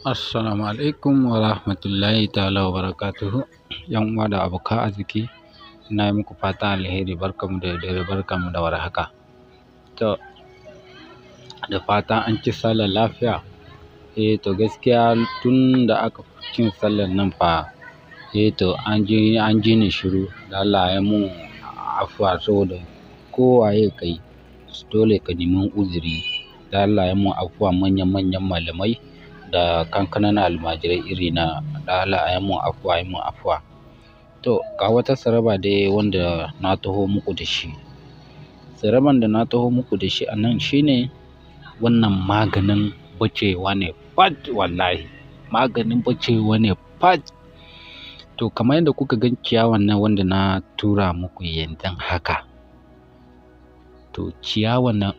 Assalamu alaikum wa rahmatullahi ta'ala wa barakatuhu yan uwa da abokan arziki na yi muku fata alheri barkamu da barkamu da warhaka to da fata an ci sallar lafiya eh to gaskiya tun da aka cin sallar nan fa eh to an ji ni shiru da Allah ya mun afuwa saboda kowaye kai dole ka nemi uzuri da Allah ya mun afuwa manya manyan malamai da kankanan almajirai iri na da Allah ayi mun afuwa ayi mun afuwa. To ga wata saraba dai wanda na taho muku da shi. saraban da na taho muku da shi a nan shine wannan maganin bacewa ne fat wallahi maganin bacewa ne fat. To kamar yadda kuka gan ciyawan nan wanda na tura muku yanzun haka. To ciyawan nan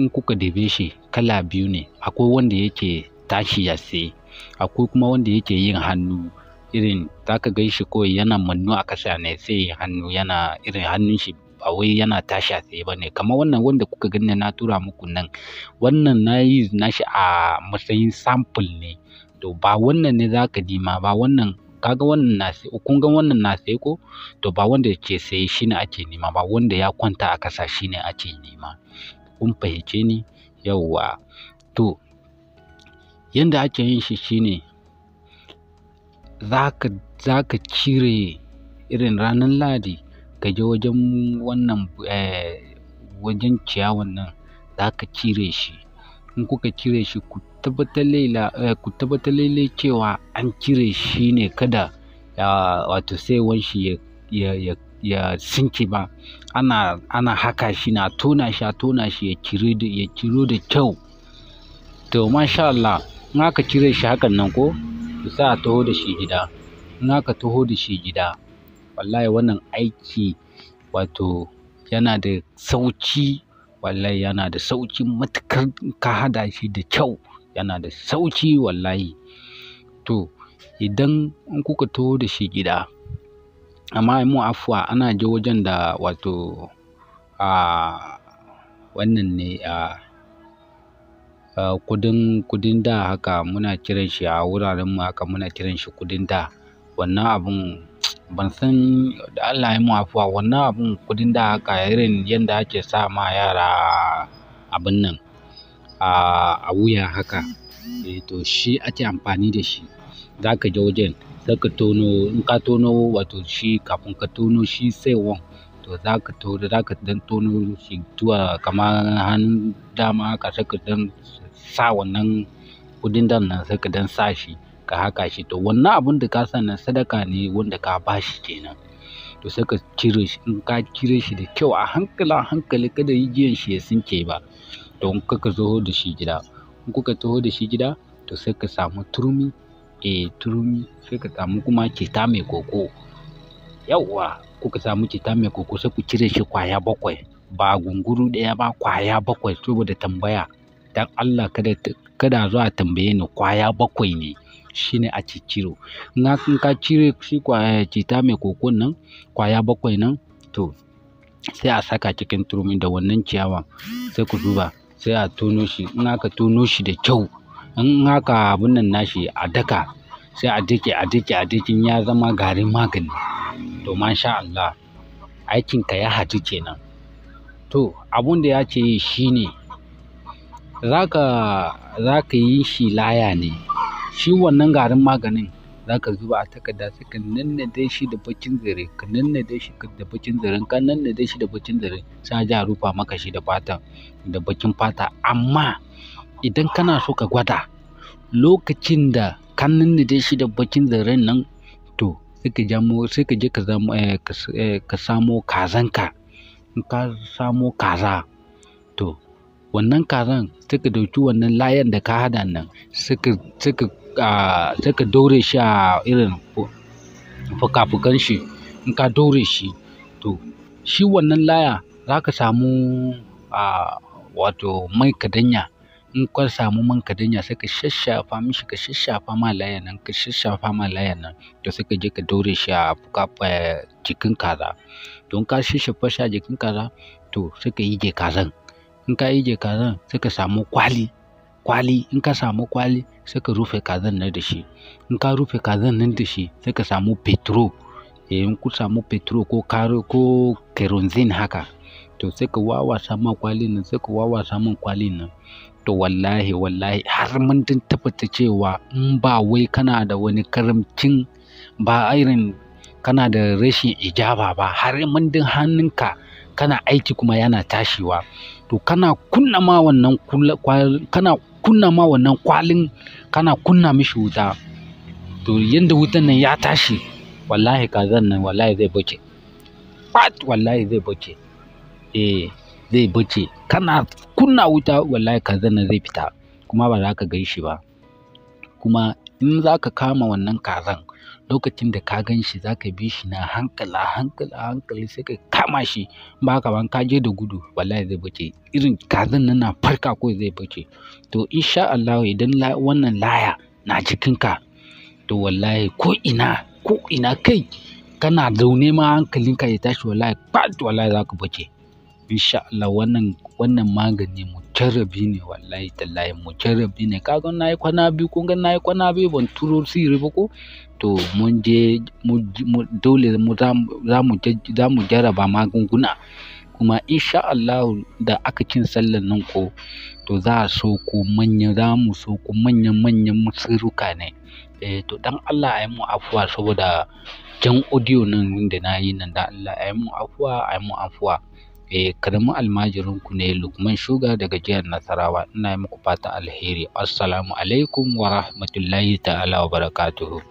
in kuka dube shi kala biyu ne akwai wanda yake tashi ya sai akwai kuma wanda yake yin hannu irin zaka gan shi kawai yana mannu a ƙasa ne sai hannu yana irin hannun shi ba wai yana tashi a tsaye ne kamar wannan wanda kuka gani na tura muku nan wannan na yi nashi a matsayin sample ne to ba wannan ne za zaka ma ba wannan kaga wannan na sai kun ga wannan na sai ko to ba wanda ke sai shi ne ake nema ba wanda ya kwanta a ƙasa shine ake nema kun fahimce ni yauwa to yanda ake yin shi shine za ka za ka cire irin ranar Lahadi ka je wajen wannan eh, wajen ciyawan nan za ka cire shi in kuka cire shi ku tabbatar lailai eh, cewa an cire shi ne kada wato saiwan shi ya sinke ba ana haka shi na tona shi a tona shi ya ciro da kyau to masha Allah in aka cire shi hakan nan ko to sai a taho da shi gida in aka taho da shi gida wallahi wannan aiki wato yana da sauki wallahi yana da sauki matukar ka hada shi da kyau yana da sauki wallahi to idan in kuka taho da shi gida amma mu afuwa ana je wajen da wato a ah, wannan ne a ah, Eh, kudin kudin da haka muna kiran shi a wuraren mu haka muna kiran shi kudin da wannan abun ban san da Allah ya mu afuwa wannan abun kudin da haka irin yanda ake sa ma yara abun nan a wuya haka eh to shi ake amfani da shi za ka je wajen sai ka tono in ka tono wato shi kafin ka tono shi sai won to za ka tono za ka dan tono shi tuwa kamar hannun dama ka sai ka dan sa wannan kudin dan nan sai ka dan sa shi ka haka shi to wannan abun da ka sa na sadaka ne wanda ka ba shi kenan to sai ka cire shi in ka cire shi da kyau a hankali hankali kada jiyan shi ya sinke ba to in kuka zo da shi gida in kuka taho da shi gida to sai ka samu turmi eh turmi sai ka samu kuma kita mai koko yauwa kuka samu kita mai koko sai ku cire shi kwaya bakwai ba gunguru ɗaya ba kwaya bakwai saboda tambaya dan Allah kada kada zo a tambaye ni kwaya bakwai ne shine a ci ciro in ka cire shi kwaya eh, cita mai kokon nan kwaya bakwai nan to sai a saka cikin turmin' da wannan ciyawa. sai ku duba sai a tono shi in aka tono shi da kyau in aka abun nan nashi a daka sai a dake a dake a ya zama garin magani to masha Allah aikin ka ya hadu kenan to abun da ya ce shine zaka zaka yi shi laya ne shi wannan garin maganin zaka zuba a takarda sai ka nannade shi da bakin zare ka nannade shi da bakin zare, ka nannade shi da bakin zare sai a a rufa maka shi da fata da bakin fata amma idan kana so ka gwada lokacin da ka nannade shi da bakin zaren nan to sai ka jamo sai ka je ka zamo eh, eh, ka samo kazanka in ka samo kaza to wannan kazan suka dauki wannan layan da ka hada nan suka suka suka daure shi a irin fuka-fukan shi in ka daure shi to shi wannan laya za ka samu a wato mai kadanya in ka samu man kadanya sai ka shashafa mishi ka shashafa ma layan nan ka shashafa ma layan nan to sai ka je ka daure shi a fuka jikin kaza in ka shashafa shi a jikin kaza to sai ka yige kazan in ka ije kazan sai ka samu kwali kwali in ka samu kwali sai ka rufe kazan nan da shi in ka rufe kazan nan da shi sai ka samu petrol eh, in ku samu petrol ko karo ko kerosene haka to sai ka wawa samu kwalin nan sai ka wawa samu kwalin nan to wallahi wallahi har mun din tabbata cewa in ba wai kana da wani karamcin ba irin kana da rashin ijaba ba har mun din hannunka kana aiki kuma yana tashiwa to kana kunna ma wannan kana kunna ma wannan kwalin kana kunna mishi wuta to yanda wutan nan ya tashi wallahi kazan nan wallahi zai bace pat wallahi zai bace eh zai bace kana kunna wuta wallahi kazan nan zai fita kuma ba za ka gaishi ba kuma in za ka kama wannan kazan lokacin da ka gan shi za ka bi shi na hankali hankali hankali sai ka kama shi in ba ka ban kaje da gudu wallahi zai bace irin kazan nan na farka ko zai bace to insha Allah idan wannan laya na cikinka to wallahi ko ina ko ina kai kana zaune ma hankalinka ya tashi wallahi kwat wallahi za ka bace insha Allah wannan wannan magani mujarrabi ne wallahi tallahi mujarrabi ne kaga nayi kwana biyu kun ga nayi kwana biyu ban turo sirri ba ko to mun je dole mu za mu jarraba magunguna kuma insha Allah da aka cin sallan nan ko to za a so ko manyan za mu so ko manyan manyan musuruka ne eh to dan Allah ayi mu afuwa saboda jan audio nan da nayi nan da Allah ayi mu afuwa ayi mu afuwa Eh, karamin almajirin ku ne Lukman Shuga daga jihar Nasarawa. Ina muku fatan alheri. Assalamu alaikum wa rahmatullahi ta'ala wa barakatuhu.